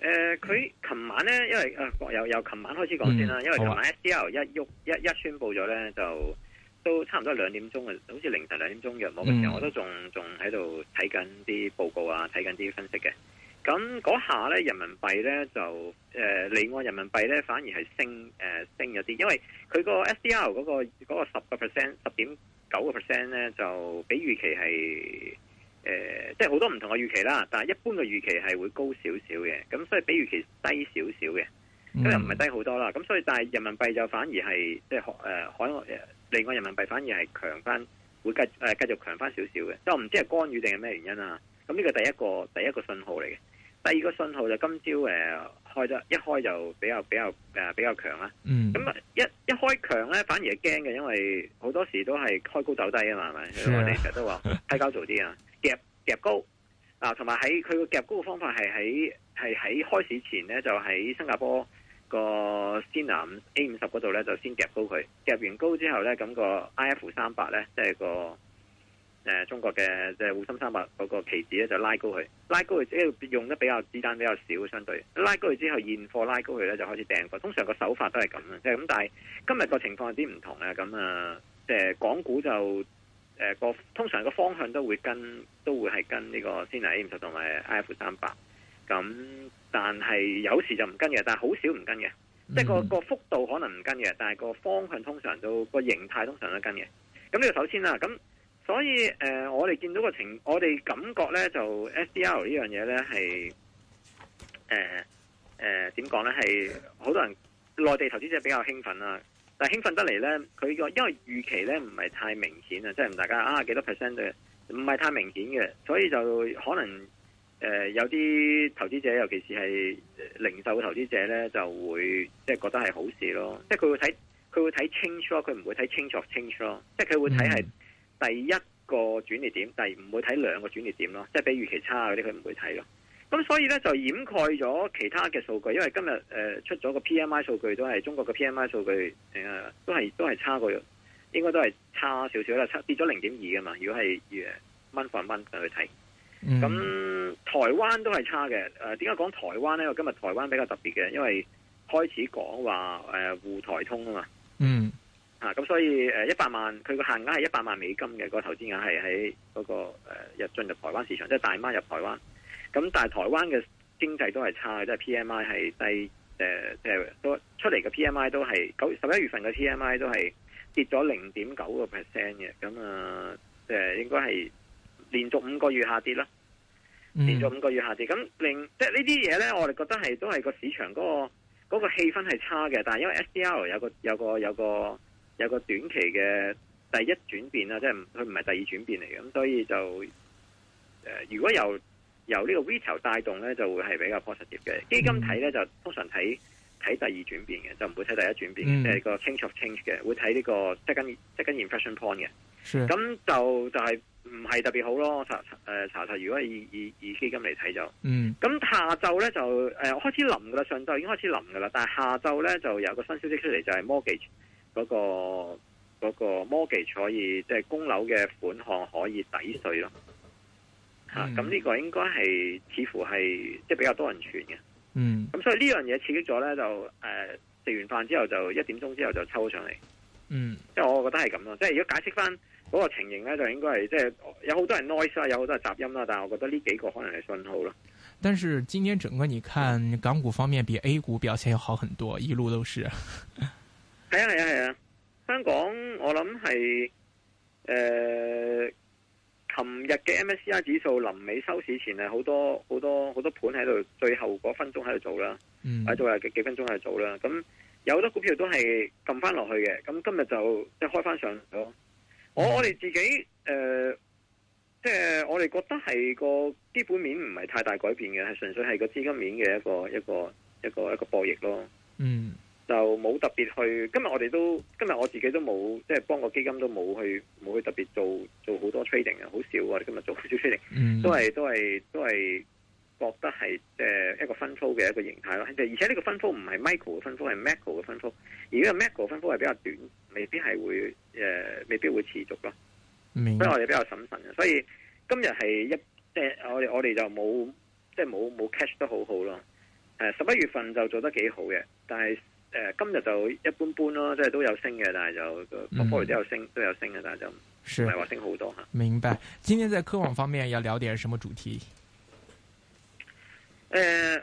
誒，佢琴、嗯呃、晚咧，因為誒，由由琴晚開始講先啦。嗯、因為琴晚 S D L 吧一喐一一宣布咗咧，就都差唔多兩點鐘，好似凌晨兩點鐘入幕嘅時候，嗯、我都仲仲喺度睇緊啲報告啊，睇緊啲分析嘅。咁嗰下咧，人民幣咧就誒，離、呃、岸人民幣咧反而係升誒、呃、升咗啲，因為佢、個 S D L 嗰個個十個 percent 十點九個 percent 咧，就比預期係。即係好多唔同嘅預期啦，但係一般嘅預期係會高少少嘅，咁所以比預期低少少嘅，咁又唔係低好多啦。咁所以但係人民幣就反而係即係海誒海外誒另外人民幣反而係強翻，會繼誒繼續強翻少少嘅。即我唔知係干預定係咩原因啊。咁呢個第一個第一個信號嚟嘅，第二個信號就今朝誒開咗一開就比較比較誒、呃、比較強啦。嗯。咁啊一一開強咧反而係驚嘅，因為好多時都係開高走低啊嘛，係咪 Yeah.？我哋成日都話低交做啲啊。夾高啊，同埋喺佢個夾高嘅方法係喺係喺開市前呢，就喺新加坡個 China A 五十嗰度呢，就先夾高佢。夾完高之後呢，咁、那個 I F 三百呢，即、就、係、是、個誒、啊、中國嘅即係滬深三百嗰個期指呢，就拉高佢。拉高佢用得比較子彈比較少，相對拉高佢之後現貨拉高佢呢，就開始掟貨。通常個手法都係咁、就是、啊，即係咁。但係今日個情況有啲唔同咧，咁啊，即係港股就。誒，個、呃、通常個方向都會跟，都會係跟呢個 Sina A50 同埋 IF 三百。咁但係有時就唔跟嘅，但係好少唔跟嘅。嗯、哼即係個個幅度可能唔跟嘅，但係個方向通常都個形態通常都跟嘅。咁呢個首先啦，咁所以誒、呃，我哋見到個情，我哋感覺咧就 s d l 呢樣嘢咧係誒誒，點講咧係好多人內地投資者比較興奮啦。但興奮得嚟咧，佢個因為預期咧唔係太明顯，即係大家啊，即係大家啊幾多 percent 嘅，唔係太明顯嘅，所以就可能誒、呃、有啲投資者，尤其是係零售嘅投資者咧，就會即係覺得係好事咯，即係佢會睇佢會睇清楚，佢唔會睇清楚清楚，即係佢會睇係第一個轉捩點，但唔會睇兩個轉捩點咯，即係比預期差嗰啲佢唔會睇咯。咁所以咧就掩蓋咗其他嘅數據，因為今日誒、呃、出咗個 PMI 數據都係中國嘅 PMI 數據誒、嗯，都係都係差過，應該都係差少少啦，差跌咗零點二㗎嘛。如果係 month for month 去睇，咁、嗯、台灣都係差嘅。誒點解講台灣呢？因為今日台灣比較特別嘅，因為開始講話誒滬台通啊嘛。嗯，嚇咁、啊、所以誒一百萬佢個限額係一百萬美金嘅、那個投資額係喺嗰個誒入、呃、進入台灣市場，即、就、係、是、大媽入台灣。咁但係台灣嘅經濟都係差嘅，即係 P M I 係低，誒，即係出嚟嘅 P M I 都係九十一月份嘅 P M I 都係跌咗零點九個 percent 嘅，咁啊，誒，應該係連續五個月下跌啦，嗯、連續五個月下跌。咁另即係呢啲嘢咧，我哋覺得係都係個市場嗰個嗰個氣氛係差嘅，但係因為 S D L 有個有個有個有個短期嘅第一轉變啦，即係佢唔係第二轉變嚟嘅，咁所以就誒，如果由由呢個 vital 帶動咧，就會係比較 positive 嘅。基金睇咧就通常睇睇第二轉變嘅，就唔會睇第一轉變，即係、嗯、個 change of change 嘅，會睇呢個即係跟即係跟 impression point 嘅。咁就就係唔係特別好咯？查、呃、查查、呃、查，如果以以以基金嚟睇就，咁、嗯、下晝咧就誒、呃、開始臨噶啦，上晝已經開始臨噶啦，但係下晝咧就有個新消息出嚟，就係、是、mortgage 嗰、那個、那個、mortgage 可以即係、就是、供樓嘅款項可以抵稅咯。嗯。啊，咁、這、呢個應該係似乎係即係比較多人傳嘅。嗯，咁、啊、所以呢樣嘢刺激咗咧，就誒食、呃、完飯之後就一點鐘之後就抽上嚟。嗯，即係我覺得係咁咯。即係如果解釋翻嗰個情形咧，就應該係即係有好多人 noise 啦、啊，有好多係雜音啦、啊。但係我覺得呢幾個可能係信號咯。但是今年整個，你看港股方面比 A 股表現要好很多，一路都是。係 啊係啊係啊，香港我諗係誒。呃琴日嘅 MSCI 指數臨尾收市前係，好多好多好多盤喺度，最後嗰分鐘喺度做啦，喺度後幾幾分鐘喺度做啦。咁有好多股票都係撳翻落去嘅，咁今日就即係開翻上嚟咯、哦呃就係。我我哋自己誒，即係我哋覺得係個基本面唔係太大改變嘅，係純粹係個資金面嘅一個一個一個一個博弈咯。嗯。就冇特別去。今日我哋都，今日我自己都冇，即、就、係、是、幫個基金都冇去，冇去特別做做好多 trading 啊，好少我哋今日做少 trading，、mm hmm. 都係都係都係覺得係即一個分鋪嘅一個形態咯。而且呢個分鋪唔係 Michael 嘅分鋪，係 Macal 嘅分鋪。而因為 Macal 分鋪係比較短，未必係會誒，未必會持續咯。Mm hmm. 所以我哋比較審慎嘅。所以今日係一即係、就是、我哋我哋就冇即係冇冇 catch 得好好咯。誒十一月份就做得幾好嘅，但係。誒、呃，今日就一般般咯，即係都有升嘅，但係就個波都有升，都有升嘅，但係就唔係話升好多。明白。今天在科網方面要聊點什麼主題？誒、呃，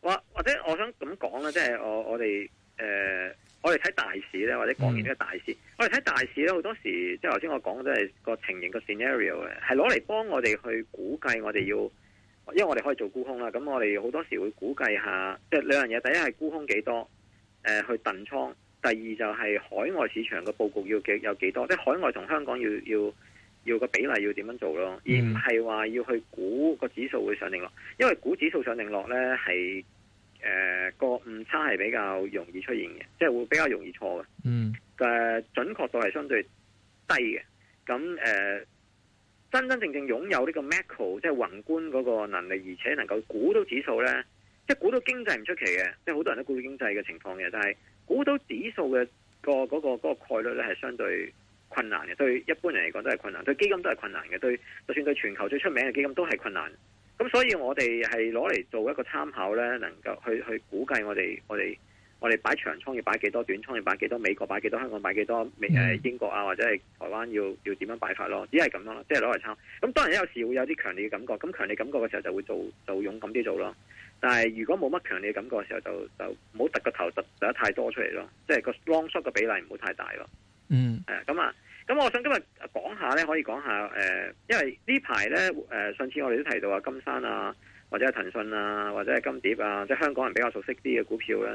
或或者我想咁講啦，即係我我哋誒，我哋睇大市咧，或者講完呢個大市，嗯、我哋睇大市咧，好多時即係頭先我講都係個情形個 scenario 嘅，係攞嚟幫我哋去估計我哋要，因為我哋可以做沽空啦。咁我哋好多時會估計下，即係兩樣嘢，第一係沽空幾多。誒、呃，去燉倉。第二就係海外市場嘅布局要幾有幾多，即、就、係、是、海外同香港要要要個比例要點樣做咯，而唔係話要去估個指數會上定落，因為估指數上定落咧係誒個誤差係比較容易出現嘅，即、就、係、是、會比較容易錯嘅。嗯、呃，誒準確度係相對低嘅。咁誒、呃、真真正正擁有呢個 Macro 即係宏觀嗰個能力，而且能夠估到指數咧。即係估到經濟唔出奇嘅，即係好多人都估到經濟嘅情況嘅，但係估到指數嘅，嗰個嗰、嗰個、嗰個概率咧係相對困難嘅，對一般人嚟講都係困難，對基金都係困難嘅，對就算對全球最出名嘅基金都係困難。咁所以我哋係攞嚟做一個參考咧，能夠去去估計我哋我哋我哋擺長倉要擺幾多，短倉要擺幾多，美國擺幾多，香港擺幾多，美誒英國啊或者係台灣要要點樣擺法咯，只係咁咯，即係攞嚟參。咁當然有時候會有啲強烈嘅感覺，咁強烈的感覺嘅時候就會做，就勇敢啲做咯。但係如果冇乜強烈的感覺嘅時候，就就唔好突個頭突得太多出嚟咯，即係個 long shot 嘅比例唔好太大咯。Mm. 嗯，係啊，咁、嗯、啊，咁我想今日講下咧，可以講下誒、呃，因為呢排咧誒，上次我哋都提到話金山啊，或者係騰訊啊，或者係金蝶啊，即係香港人比較熟悉啲嘅股票啦。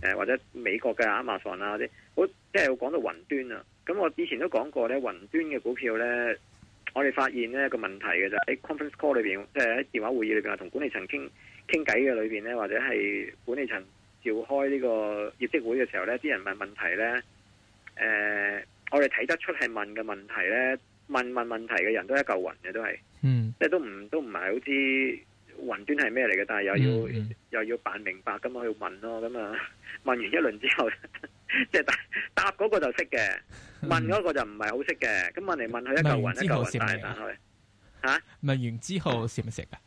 誒、呃，或者美國嘅亞馬遜啊啲，我即係講到雲端啊。咁、嗯、我以前都講過咧，雲端嘅股票咧，我哋發現咧個問題嘅就係喺 conference call 裏邊，即係喺電話會議裏邊同管理層傾。傾偈嘅裏邊咧，或者係管理層召開呢個業績會嘅時候咧，啲人問問題咧、呃，我哋睇得出係問嘅問題咧，問問問題嘅人都一嚿雲嘅都係，即係都唔都唔係好知雲端係咩嚟嘅，但係又要、嗯、又要扮明白咁去問咯，咁、嗯、啊、嗯、問完一輪之後，即 係答答嗰個就識嘅，問嗰個就唔係好識嘅，咁問嚟問去一嚿雲一嚿雲，嚇？問完之後食唔食啊？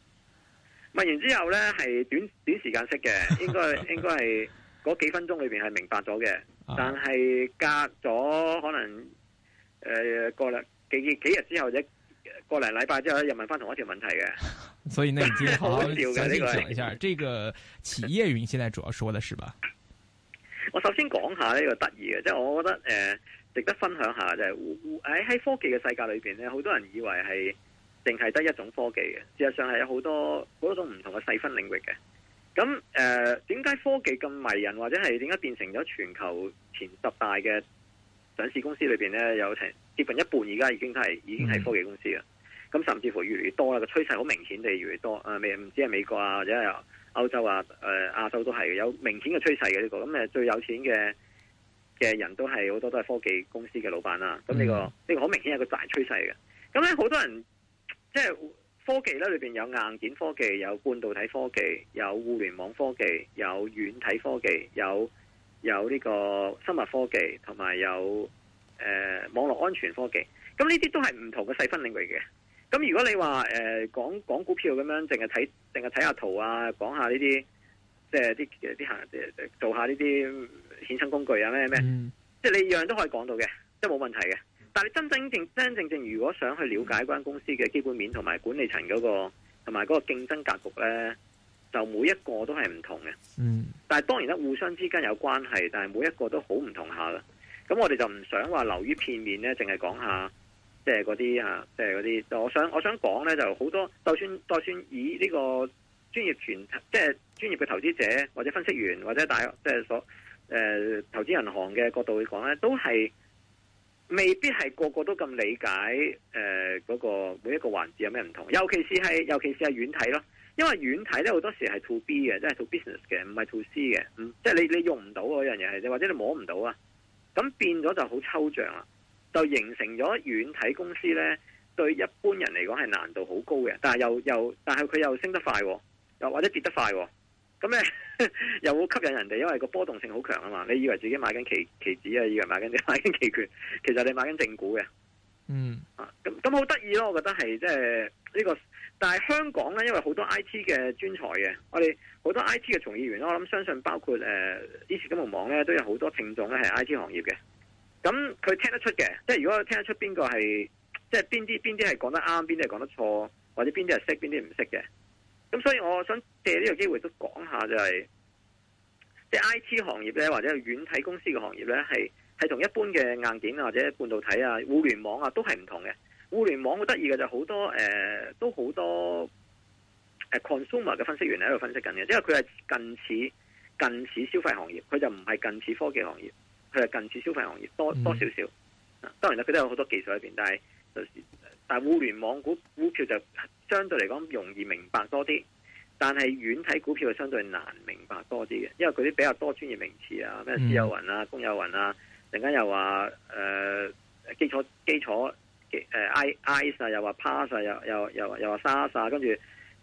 問完之後咧，係短短時間識嘅，應該應該係嗰幾分鐘裏邊係明白咗嘅。 但係隔咗可能誒、呃、過幾幾日之後或過嚟禮拜之後又問翻同一條問題嘅。 所以呢，唔知好緊要嘅呢個。這個企業雲現在主要說的是吧？我首先講一下呢個得意嘅，即係我覺得誒值得分享一下就係喺喺科技嘅世界裏邊咧，好多人以為係。淨係得一種科技嘅，事實上係有好多好多種唔同嘅細分領域嘅。咁誒，點解科技咁迷人，或者係點解變成咗全球前十大嘅上市公司裏邊咧，有成接近一半而家已經係已經係科技公司啦。咁、嗯、甚至乎越嚟越多啦，個趨勢好明顯地越嚟越多。誒，唔知係美國啊，或者係歐洲啊，誒、呃，亞洲都係有明顯嘅趨勢嘅呢個。咁誒，最有錢嘅嘅人都係好多都係科技公司嘅老闆啦。咁呢個呢個、嗯、呢個好明顯係個大趨勢嘅。咁咧，好多人。即係科技咧，裏邊有硬件科技，有半導體科技，有互聯網科技，有軟體科技，有有呢個生物科技，同埋有誒、呃、網絡安全科技。咁呢啲都係唔同嘅細分領域嘅。咁如果你話誒講講股票咁樣，淨係睇淨係睇下圖啊，講下呢啲即係啲啲行，做下呢啲衍生工具啊，咩咩、嗯，即係你樣樣都可以講到嘅，即係冇問題嘅。但係真正正、真真正正，如果想去了解間公司嘅基本面同埋管理層嗰個，同埋嗰個競爭格局咧，就每一個都係唔同嘅。嗯。但係當然啦，互相之間有關係，但係每一個都好唔同下啦。咁我哋就唔想話流於片面咧，淨係講下，即係嗰啲啊，即係嗰啲。我想我想講咧，就好多，就算就算以呢個專業團，即係專業嘅投資者或者分析員或者大，即係所誒、呃、投資銀行嘅角度去講咧，都係。未必係個個都咁理解誒，嗰、呃那個每一個環節有咩唔同，尤其是係尤其是係軟體咯，因為軟體咧好多時係 to B 嘅，即、就、係、是、to business 嘅，唔係 to C 嘅，即、嗯、係、就是、你你用唔到嗰樣嘢係，或者你摸唔到啊，咁變咗就好抽象啦，就形成咗軟體公司咧對一般人嚟講係難度好高嘅，但係又又但係佢又升得快、哦，又或者跌得快、哦。咁咧 又會吸引人哋，因為個波動性好強啊嘛！你以為自己買緊期期指啊，以為買緊啲買緊期權，其實你買緊正股嘅。嗯啊，咁咁好得意咯！我覺得係即係呢個，但係香港咧，因為好多 I T 嘅專才嘅，我哋好多 I T 嘅從業員我諗相信包括誒，於金融網咧都有好多聽眾咧係 I T 行業嘅。咁佢聽得出嘅，即係如果聽得出邊個係，即係邊啲邊啲係講得啱，邊啲係講得錯，或者邊啲係識，邊啲唔識嘅。咁所以我想借呢個機會都講下就係、是、即係、就是、IT 行業咧，或者軟體公司嘅行業咧，係係同一般嘅硬件啊，或者半導體啊、互聯網啊都係唔同嘅。互聯網好得意嘅就好、是、多誒、呃、都好多誒 consumer 嘅分析員喺度分析緊嘅，因為佢係近似近似消費行業，佢就唔係近似科技行業，佢係近似消費行業，多多少少。嗯、當然啦，佢都有好多技術喺邊，但係係但係互聯網股股票就。相對嚟講容易明白多啲，但係遠睇股票就相對難明白多啲嘅，因為佢啲比較多專業名詞啊，咩私有雲啊、公有雲啊，陣間又話誒、呃、基礎基礎誒 IaaS，又話 PaaS、又又又又話 SaaS，跟住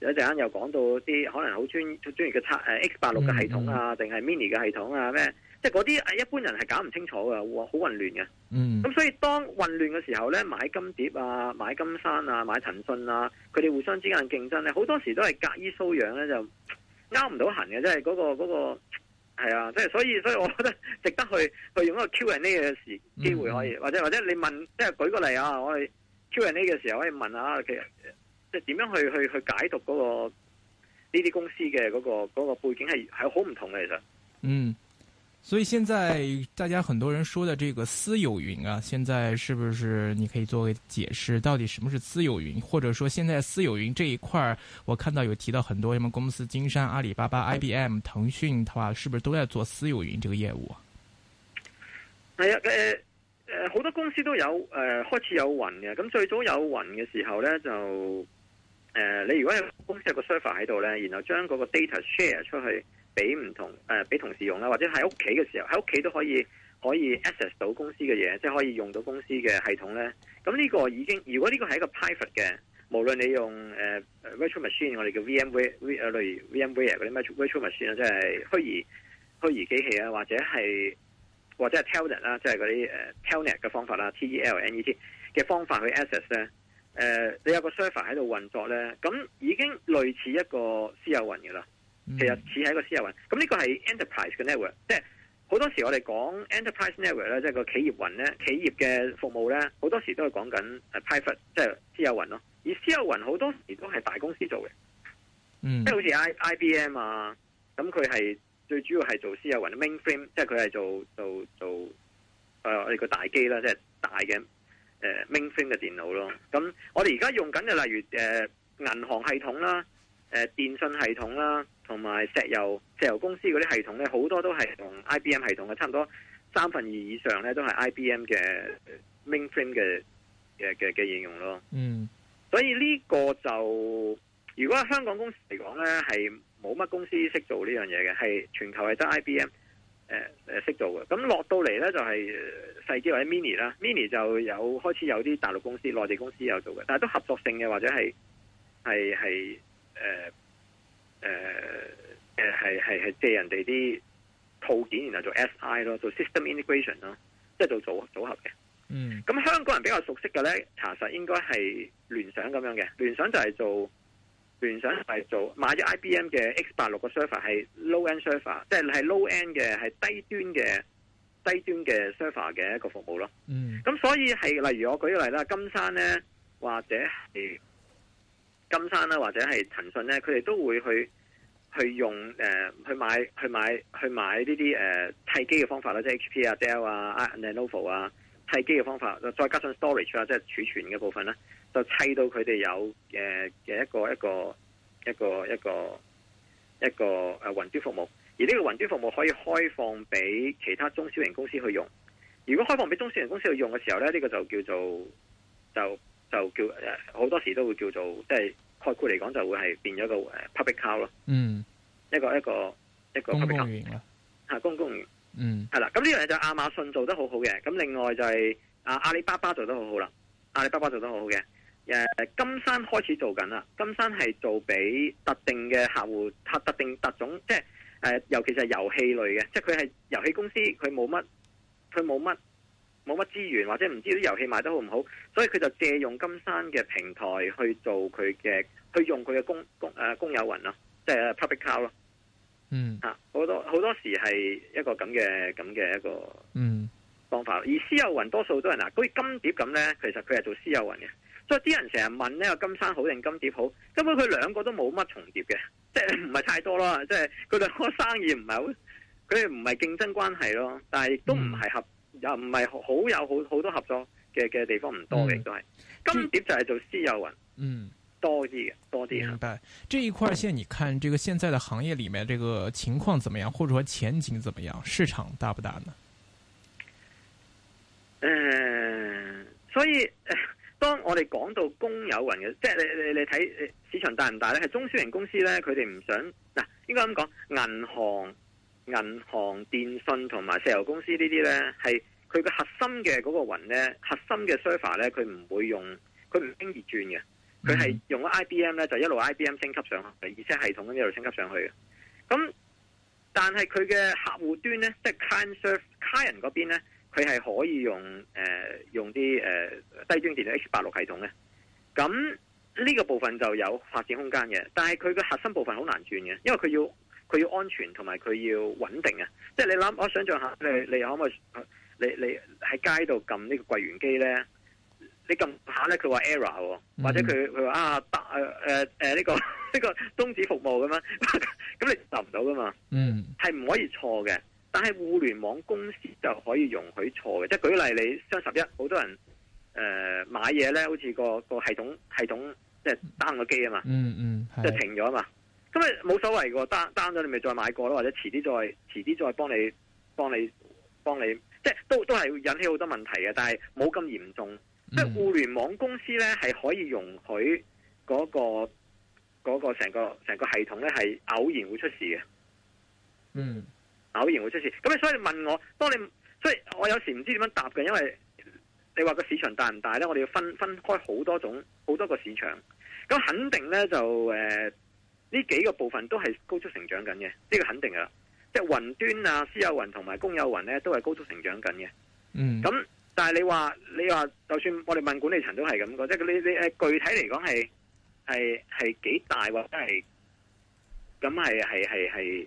有一陣間又講到啲可能好專專業嘅誒 X 八六嘅系統啊，定係 Mini 嘅系統啊咩？即係嗰啲誒，係一般人係搞唔清楚嘅，好混亂嘅。咁、嗯、所以當混亂嘅時候咧，買金蝶啊，買金山啊，買騰訊啊，佢哋互相之間嘅競爭咧，好多時都係隔靴搔癢咧，就勾唔到痕嘅。即係嗰個嗰、嗰個係啊，即係所以，所以我覺得值得去去用一個 Q&A 嘅時機會可以，或者、嗯、或者你問，即、就、係、是、舉個例啊，我哋 Q&A 嘅時候可以問下，其實即係點樣去去去解讀嗰個呢啲公司嘅嗰個個背景係係好唔同嘅，其實嗯。所以現在大家很多人說的這個私有雲啊，現在是不是你可以做個解釋，到底什麼是私有雲？或者說現在私有雲這一塊我看到有提到很多什麼公司，金山、阿里巴巴、IBM、騰訊的話，是不是都在做私有雲這個業務？係啊，誒、呃、誒，好多公司都有誒、呃，開始有雲嘅。咁最早有雲嘅時候咧，就誒、呃，你如果有公司有個 server 喺度咧，然後將嗰個 data share 出去。俾唔同誒俾、呃、同事用啦，或者喺屋企嘅時候，喺屋企都可以可以 access 到公司嘅嘢，即係可以用到公司嘅系統咧。咁呢個已經，如果呢個係一個 private 嘅，無論你用誒、呃、virtual machine，我哋叫 VMware，例如、呃、VMware 嗰啲 virtual machine 啊，即係虛擬虛擬機器啊，或者係或者係 telnet 啦，即係嗰、uh, 啲誒 telnet 嘅方法啦，T E L N E T 嘅方法去 access 咧。誒、呃，你有個 server 喺度運作咧，咁已經類似一個私有雲嘅啦。嗯、其實似係一個私有雲，咁呢個係 enterprise 嘅 network，即係好多時我哋講 enterprise network 咧，即係個企業雲咧，企業嘅服務咧，好多時都係講緊誒 private 即係私有雲咯。而私有雲好多時都係大公司做嘅，嗯、即係好似 I I B M 啊，咁佢係最主要係做私有雲 mainframe，即係佢係做做做誒、呃、我哋個大機啦，即係大嘅誒、呃、mainframe 嘅電腦咯。咁我哋而家用緊嘅，例如誒銀、呃、行系統啦，誒、呃、電信系統啦。呃同埋石油石油公司嗰啲系統咧，好多都係同 IBM 系統嘅差唔多，三分二以上咧都係 IBM 嘅 mainframe 嘅嘅嘅嘅應用咯。嗯，所以呢個就如果香港公司嚟講咧，係冇乜公司識做呢樣嘢嘅，係全球係得 IBM 誒誒識做嘅。咁落到嚟咧就係細機或者 mini 啦，mini 就有開始有啲大陸公司、內地公司有做嘅，但係都合作性嘅，或者係係係誒。誒誒係係係借人哋啲套件，然後做 SI 咯，做 system integration 咯，即係做組組合嘅。嗯。咁香港人比較熟悉嘅咧，查實應該係聯想咁樣嘅。聯想就係做聯想就係做買咗 IBM 嘅 X 八六個 server 係 low end server，即係係 low end 嘅係低端嘅低端嘅 server 嘅一個服務咯。嗯。咁所以係例如我舉個例啦，金山咧或者係。金山啦，或者係騰訊咧，佢哋都會去去用誒、呃，去買去買去買呢啲誒替機嘅方法啦，即係 HP 啊、Dell 啊、Lenovo 啊，替機嘅方法，再加上 storage 啊，即係儲存嘅部分咧，就砌到佢哋有誒嘅、呃、一個一個一個一個一個誒啊、雲端服務。而呢個雲端服務可以開放俾其他中小型公司去用。如果開放俾中小型公司去用嘅時候咧，呢、這個就叫做就。就叫誒，好多時都會叫做即係、就是、概括嚟講，就會係變咗個誒 public cloud 咯、嗯。嗯，一個一個一個公共雲啦，嚇公共雲。嗯，係啦。咁呢樣嘢就係亞馬遜做得好好嘅。咁另外就係阿阿里巴巴做得好好啦。阿里巴巴做得好好嘅、啊。金山開始做緊啦。金山係做俾特定嘅客戶，特定特種，即、就、係、是呃、尤其是遊戲類嘅，即係佢係遊戲公司，佢冇乜，佢冇乜。冇乜資源或者唔知啲遊戲賣得好唔好，所以佢就借用金山嘅平台去做佢嘅，去用佢嘅公公誒公有雲咯，即係 public cloud 咯。嗯，嚇好多好多時係一個咁嘅咁嘅一個方法。嗯、而私有雲多數都係嗱，好似金蝶咁呢，其實佢係做私有雲嘅。所以啲人成日問呢個金山好定金蝶好？根本佢兩個都冇乜重疊嘅，即係唔係太多啦。即係佢兩個生意唔係好，佢哋唔係競爭關係咯，但係亦都唔係合。又唔係好有好好多合作嘅嘅地方唔多嘅，都係金碟就係做私有雲，嗯，多啲嘅多啲。明白。這一塊線，你看這個現在的行業裏面，這個情況怎麼樣，嗯、或者說前景怎麼樣？市場大不大呢？誒、呃，所以當我哋講到公有雲嘅，即、就、係、是、你你你睇市場大唔大呢？係中小型公司呢，佢哋唔想嗱、啊，應該咁講，銀行。銀行、電信同埋石油公司呢啲呢，係佢嘅核心嘅嗰個雲呢，核心嘅 server 呢，佢唔會用，佢唔輕易轉嘅。佢係用咗 IBM 呢，就一路 IBM 升級上去，而且系統一路升級上去嘅。咁但係佢嘅客戶端呢，即係 client side、client 嗰邊呢，佢係可以用誒、呃、用啲誒、呃、低端電腦 X 八六系統嘅。咁呢、呢個部分就有發展空間嘅，但係佢嘅核心部分好難轉嘅，因為佢要。佢要安全同埋佢要穩定啊！即係你諗，我想象下，你你可唔可以？你你喺街度撳呢個櫃員機咧，你撳下咧，佢話 error，或者佢佢話啊得誒誒誒呢個呢個終止服務咁樣，咁你受唔到噶嘛？嗯，係唔可以錯嘅。但係互聯網公司就可以容許錯嘅，即係舉例，你雙十一好多人誒、呃、買嘢咧，好似個個系統系統即係 down 個機啊嘛，嗯嗯，即、嗯、係停咗啊嘛。因為冇所謂個，Down 咗你咪再買過咯，或者遲啲再遲啲再幫你幫你幫你，幫你，即係都都係會引起好多問題嘅，但係冇咁嚴重。即係、嗯、互聯網公司咧係可以容許嗰、嗰個、嗰個成個成個系統咧係偶然會出事嘅。嗯，偶然會出事。咁所以你問我，當你所以我有時唔知點樣答嘅，因為你話個市場大唔大咧，我哋要分分開好多種好多個市場。咁肯定咧就誒。呃呢幾個部分都係高速成長緊嘅，呢個肯定噶啦。即係雲端啊、私有雲同埋公有雲咧，都係高速成長緊嘅。嗯，咁但係你話你話，就算我哋問管理層都係咁講，即係你你誒具體嚟講係係係幾大或者係咁係係係係。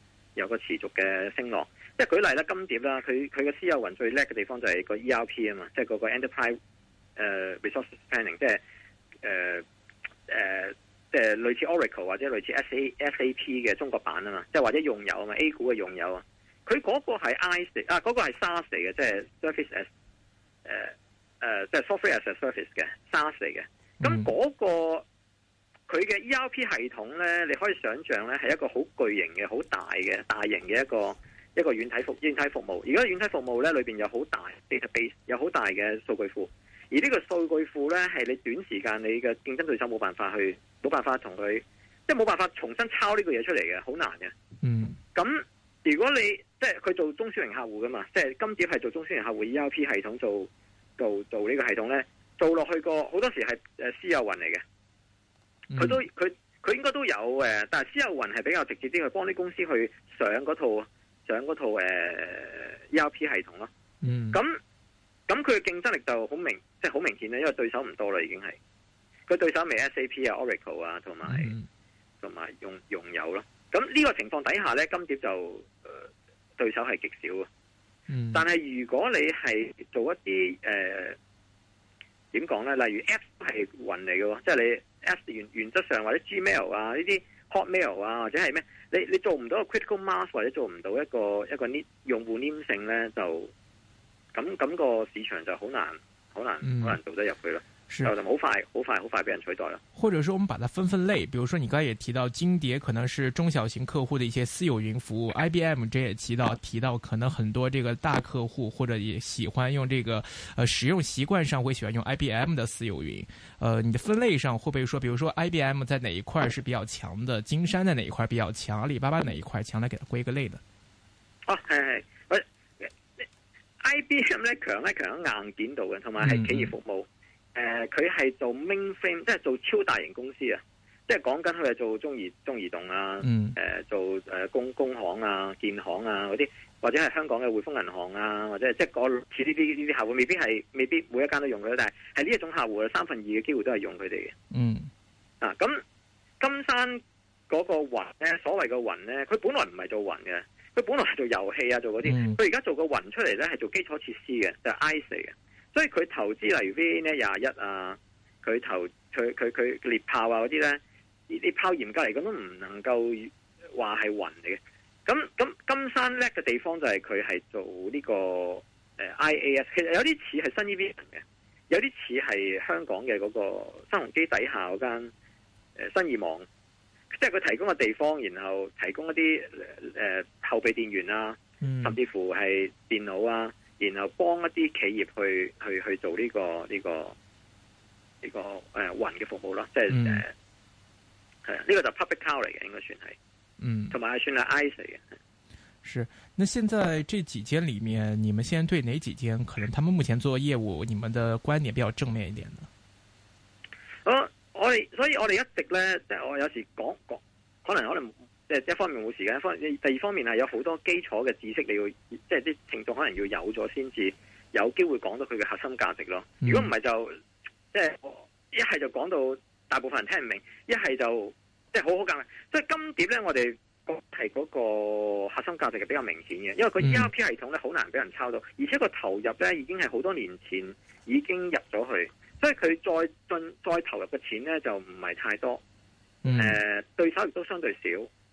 有個持續嘅升浪，即係舉例啦，金蝶啦，佢佢嘅私有雲最叻嘅地方就係、ER、個 ERP 啊嘛，即係嗰個 enterprise 誒 resource planning，即係誒誒，即係類似 Oracle 或者類似 SASAP 嘅中國版啊嘛，即係或者用友啊嘛，A 股嘅用友啊，佢、那、嗰個係 I 四啊，嗰個係 S 嚟嘅，即係 s u r v i c e 誒誒，即係 software service 嘅 S 四嘅，咁嗰佢嘅 ERP 系統呢，你可以想象呢，係一個好巨型嘅、好大嘅、大型嘅一個一個軟體服軟體服務。而家軟體服務呢裏邊有好大 database，有好大嘅數據庫。而呢個數據庫呢，係你短時間你嘅競爭對手冇辦法去冇辦法同佢，即係冇辦法重新抄呢個嘢出嚟嘅，好難嘅。嗯，咁如果你即係佢做中小型客戶㗎嘛，即係今次係做中小型客戶 ERP 系統做做做呢個系統呢，做落去個好多時係私有雲嚟嘅。佢、嗯、都佢佢應該都有誒，但係私有雲係比較直接啲，去幫啲公司去上那套啊上嗰套誒、呃、ERP 系統咯。嗯，咁咁佢嘅競爭力就好明，即係好明顯咧，因為對手唔多啦，已經係，佢對手未 SAP 啊、Oracle 啊、嗯，同埋同埋用用友咯。咁呢個情況底下咧，金蝶就誒、呃、對手係極少啊。嗯，但係如果你係做一啲誒點講咧，例如。係雲嚟嘅，即係你 S 原原則上或者 Gmail 啊呢啲 Hotmail 啊或者係咩，你你做唔到個 critical mass 或者做唔到一個一個用呢用戶黏性咧，就咁咁個市場就好難，好難，好難做得入去咯。嗯就就好快好快好快被人取代咯。是或者說，我們把它分分類，比如說你剛才也提到金蝶可能是中小型客戶的一些私有雲服務，I B M 這也提到提到可能很多這個大客戶或者也喜歡用這個，呃，使用習慣上會喜歡用 I B M 的私有雲。呃，你的分類上會不會說，比如說 I B M 在哪一塊是比較強的，金山在哪一塊比較強，阿里巴巴哪一塊強，來給它歸一個類哦，O K，我 I B M 呢強喺強喺硬件度嘅，同埋係企業服務。嗯。誒，佢係、呃、做 mainframe 即係做超大型公司啊！即係講緊佢係做中移中移動啊，誒、嗯呃、做誒工工行啊、建行啊嗰啲，或者係香港嘅匯豐銀行啊，或者係即係似呢啲呢啲客戶，未必係未必每一間都用佢，但係係呢一種客戶，三分二嘅機會都係用佢哋嘅。嗯啊，咁金山嗰個雲咧，所謂嘅雲咧，佢本來唔係做雲嘅，佢本來係做遊戲啊，做嗰啲，佢而家做個雲出嚟咧，係做基礎設施嘅，就係、IaaS 嘅。所以佢投資例如 V 呢廿一啊，佢投佢佢佢獵豹啊嗰啲咧，獵豹嚴格嚟講都唔能夠話係雲嚟嘅。咁咁金山叻嘅地方就係佢係做呢、這個、呃、IAS，其實有啲似係新 Evision 嘅，有啲似係香港嘅嗰個新鴻基底下嗰間新意網，即係佢提供嘅地方，然後提供一啲誒、呃、後備電源啊，甚至乎係電腦啊。嗯然後幫一啲企業去去去做呢、這個呢、這個呢、這個誒雲嘅服務啦，即係誒係啊，呢、嗯呃這個就 public cloud 嚟嘅，應該算係，嗯，同埋係算係 IaaS 嘅。是，那現在這幾間裡面，你們現在對哪幾間可能他們目前做嘅業務，你們的觀點比較正面一點呢？啊、我我哋所以我哋一直咧，即係我有時講講，可能可能。即係一方面冇時間，一方第二方面係有好多基礎嘅知識，你要即係啲程度可能要有咗先至有機會講到佢嘅核心價值咯。如果唔係就即係一係就講到大部分人聽唔明，一係就即係好好講。所以金碟咧，我哋覺得嗰個核心價值係比較明顯嘅，因為佢 ERP 系統咧好難俾人抄到，嗯、而且個投入咧已經係好多年前已經入咗去了，所以佢再進再投入嘅錢咧就唔係太多。誒、嗯呃，對手亦都相對少。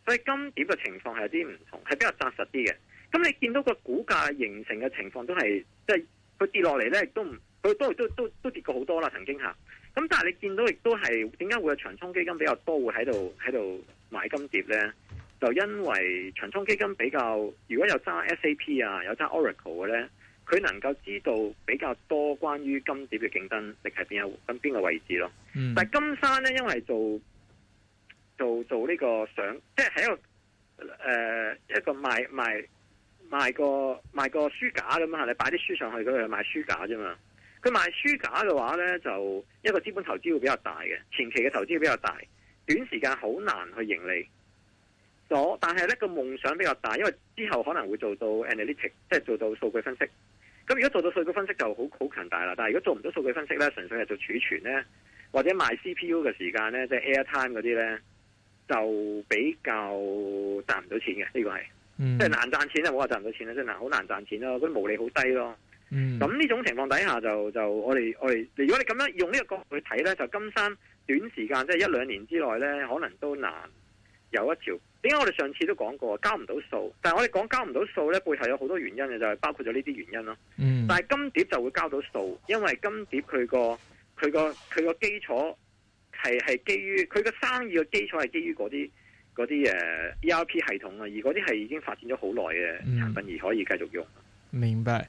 所以金碟嘅情況係有啲唔同，係比較紮實啲嘅。咁你見到個股價形成嘅情況都係，即係佢跌落嚟咧，亦都唔，佢都亦都都都跌過好多啦，曾經嚇。咁但係你見到亦都係點解會有長倉基金比較多會喺度喺度買金碟咧？就因為長倉基金比較，如果有揸 SAP 啊，有揸 Oracle 嘅咧，佢能夠知道比較多關於金碟嘅競爭力係邊有跟邊個位置咯。嗯、但係金山咧，因為做。做做呢個想，即係喺個誒、呃、一個賣賣賣個賣個書架咁啊，你擺啲書上去嗰度賣書架啫嘛。佢賣書架嘅話咧，就一個資本投資會比較大嘅，前期嘅投資會比較大，短時間好難去盈利。咗但係咧個夢想比較大，因為之後可能會做到 analytic，即係做到數據分析。咁如果做到數據分析就好好強大啦。但係如果做唔到數據分析咧，純粹係做儲存咧，或者賣 CPU 嘅時間咧，即係 air time 嗰啲咧。就比較賺唔到錢嘅，呢、這個係即係難賺錢啊！冇話賺唔到錢啦，真係好難賺錢咯。嗰啲毛利好低咯。咁呢、嗯、種情況底下就就我哋我哋，如果你咁樣用呢一個角度去睇呢，就金山短時間即係、就是、一兩年之內呢，可能都難有一條。點解我哋上次都講過交唔到數，但係我哋講交唔到數呢，背後有好多原因嘅，就係、是、包括咗呢啲原因咯。嗯、但係金蝶就會交到數，因為金蝶佢個佢個佢個基礎。係基於佢嘅生意嘅基礎，係基於嗰啲嗰啲、uh, 誒 ERP 系統啊，而嗰啲係已經發展咗好耐嘅產品，而可以繼續用。嗯，明白。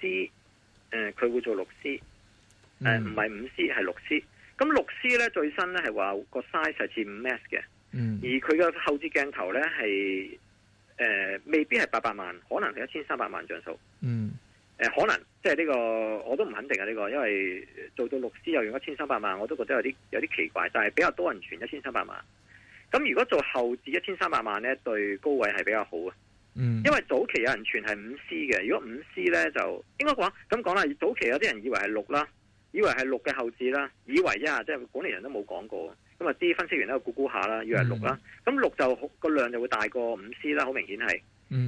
司，誒、嗯，佢會做六 C、呃，誒，唔係五 C，係六 C。咁六 C 咧最新咧係話個 size 係似五 S 嘅， 嗯、 而佢嘅後置鏡頭咧係，誒、呃，未必係八百萬，可能係一千三百萬像素。嗯，誒、呃，可能即係呢個我都唔肯定啊呢、這個，因為做到六 C 又用一千三百萬，我都覺得有啲有啲奇怪，但係比較多人傳一千三百萬。咁如果做後置一千三百萬咧，對高位係比較好啊。嗯、因為早期有人傳係五 C 嘅，如果五 C 呢，就應該話咁講啦，早期有啲人以為係六啦，以為係六嘅後置啦，以為啊、嗯，即係管理人都冇講過，咁啊啲分析員咧估估下啦，以為六啦，咁六就個量就會大過五 C 啦，好明顯係。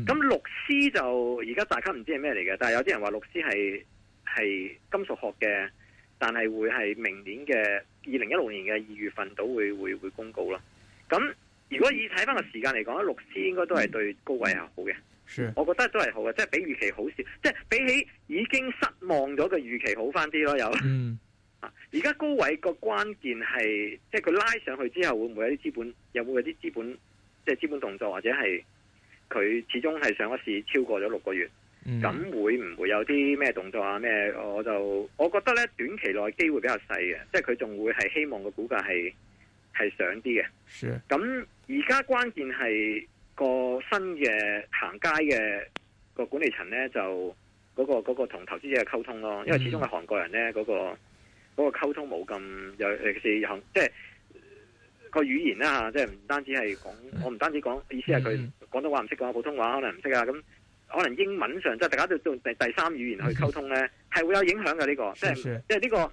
咁六、嗯、C 就而家大家唔知係咩嚟嘅，但係有啲人話六 C 係係金屬學嘅，但係會係明年嘅二零一六年嘅二月份到會會會公告啦。咁.如果以睇翻個時間嚟講，六千應該都係對高位係好嘅，mm. Sure. 我覺得都係好嘅，即係比預期好少，即係比起已經失望咗嘅預期好翻啲咯。有，而家、mm. 高位個關鍵係，即係佢拉上去之後，會唔會有啲資本，有冇有啲資本，即係資本動作，或者係佢始終係上咗市超過咗六個月，咁、mm. 會唔會有啲咩動作啊？咩？我就我覺得咧，短期內機會比較細嘅，即係佢仲會係希望個股價係。係想啲嘅，咁而家關鍵係個新嘅行街嘅個管理層呢，就嗰、嗰個、嗰個同投資者嘅溝通咯。因為始終係韓國人呢，嗰、嗰個嗰、嗰個溝通冇咁有尤其即係個、呃、語言啦、啊、吓，即係唔單止係講，我唔單止講意思係佢廣東話唔識講普通話，可能唔識啊。咁可能英文上即係大家都用第三語言去溝通呢，係是會有影響嘅呢個，是是即係即係呢個。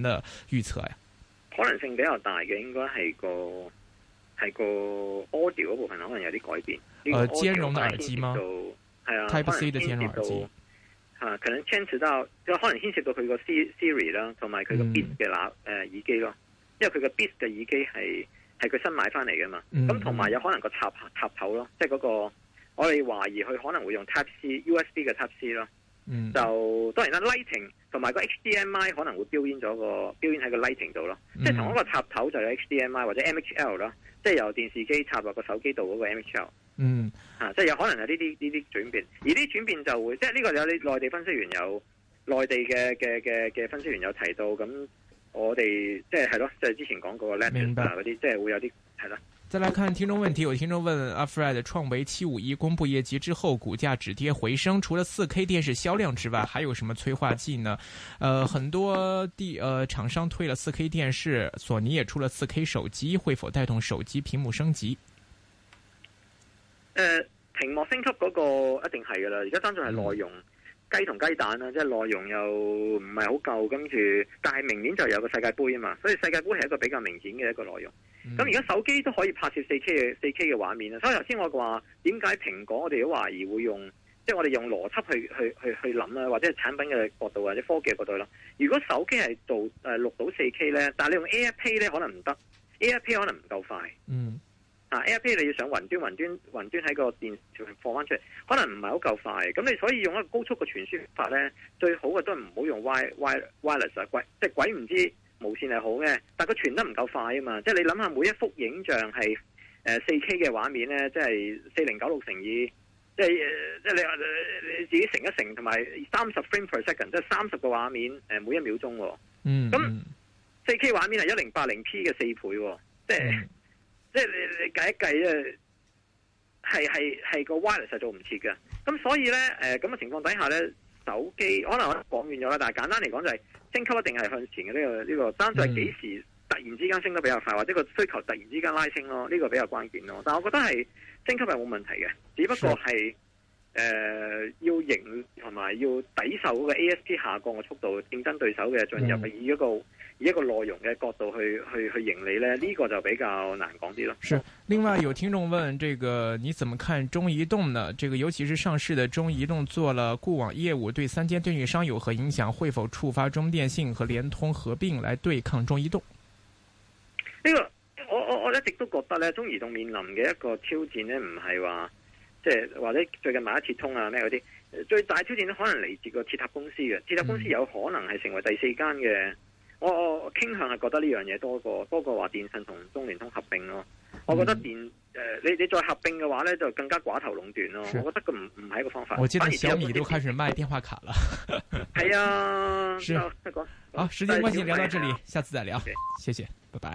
預測呀，啊、可能性比較大嘅，應該係個係個 audio 部分可能有啲改變。這個、audio 呃，兼容耳機嗎？Type C 嘅兼容耳機，吓可能牽涉到，即可能牽涉到佢個 Si、啊啊、Siri 啦，同埋佢個 Beats 嘅那誒耳機咯。嗯、因為佢嘅 Beats 嘅耳機係係佢新買翻嚟噶嘛，咁同埋有可能有個插插頭咯，即係嗰個我哋懷疑佢可能會用 Type C USB type、USB 嘅 Type C 咯。嗯、就當然啦，Lighting 同埋個 HDMI 可能會標煙咗個標煙喺個 Lighting 度咯，嗯、即係同一個插頭就有 HDMI 或者 MHL 咯，即係由電視機插落個手機度嗰個 MHL。嗯，啊、即係有可能係呢啲呢啲轉變，而啲轉變就會，即係呢個有啲內地分析員有內地嘅嘅嘅嘅分析員有提到，咁我哋即係係咯，即係之前講個 Lighting 啊嗰啲，即係會有啲係咯。再來看聽眾問題，有聽眾問阿 Fred 創維七五一公布業績之後，股價止跌回升，除了四 K 電視銷量之外，還有什麼催化劑呢？呃，很多地呃廠商推了四 K 電視，索尼也出了四 K 手機，會否帶動手機屏幕升級？呃，屏幕升級嗰個一定係噶啦，而家單純係內容、嗯、雞同雞蛋啦，即係內容又唔係好夠，跟住但係明年就有個世界盃啊嘛，所以世界盃係一個比較明顯嘅一個內容。咁而家手機都可以拍攝 4K 嘅 4K 嘅畫面啊！所以頭先我話點解蘋果我哋都懷疑會用，即係我哋用邏輯去去去去諗啦，或者係產品嘅角度或者科技嘅角度啦。如果手機係做誒、呃、錄到 4K 咧，但係你用 AirPlay 咧可能唔得，AirPlay 可能唔夠快。嗯，啊 AirPlay 你要上雲端雲端雲端喺個電視放翻出嚟，可能唔係好夠快。咁你所以用一個高速嘅傳輸法咧，最好嘅都係唔好用 Wi Wi Wireless 鬼，即係鬼唔知。無線係好嘅，但係佢傳得唔夠快啊嘛！即係你諗下，每一幅影像係誒 4K 嘅畫面咧，即係四零九六乘以即係即係你話你自己乘一乘，同埋三十 frame per second，即係三十個畫面誒每一秒鐘。嗯，咁 4K 畫面係一零八零 P 嘅四倍，嗯、即係即係你你計一計即係係係個 wireless 係做唔切嘅。咁所以咧誒咁嘅情況底下咧，手機，是、呃、手機可能我講完咗啦，但係簡單嚟講就係、是。升級一定係向前嘅呢個呢個，爭在幾時突然之間升得比較快，或者個需求突然之間拉升咯，呢、這個比較關鍵咯。但係我覺得係升級係冇問題嘅，只不過係誒、呃、要迎同埋要抵受嗰個 ASP 下降嘅速度，競爭對手嘅進入係以一個。以一個內容嘅角度去去去盈利呢呢、呢個就比較難講啲咯。是，另外有聽眾問，這個你怎麼看中移動呢？這個尤其是上市的中移動做了固網業務，對三間電信商有何影響？會否觸發中電信和聯通合併來對抗中移動？呢、呢個我我我一直都覺得咧，中移動面臨嘅一個挑戰呢，唔係話即係或者最近買咗鐵通啊咩嗰啲，最大挑戰都可能嚟自個鐵塔公司嘅。嗯，鐵塔公司有可能係成為第四間嘅。我我傾向係覺得呢樣嘢多過多過話電信同中聯通合併咯，啊，我覺得電誒、嗯呃、你你再合併嘅話咧就更加寡頭壟斷咯，是我覺得佢唔唔係一個方法。我記得小米都開始賣電話卡啦，係 啊，是好，好是時間關係，聊到這裏，下，下次再聊，Okay. 謝謝拜拜。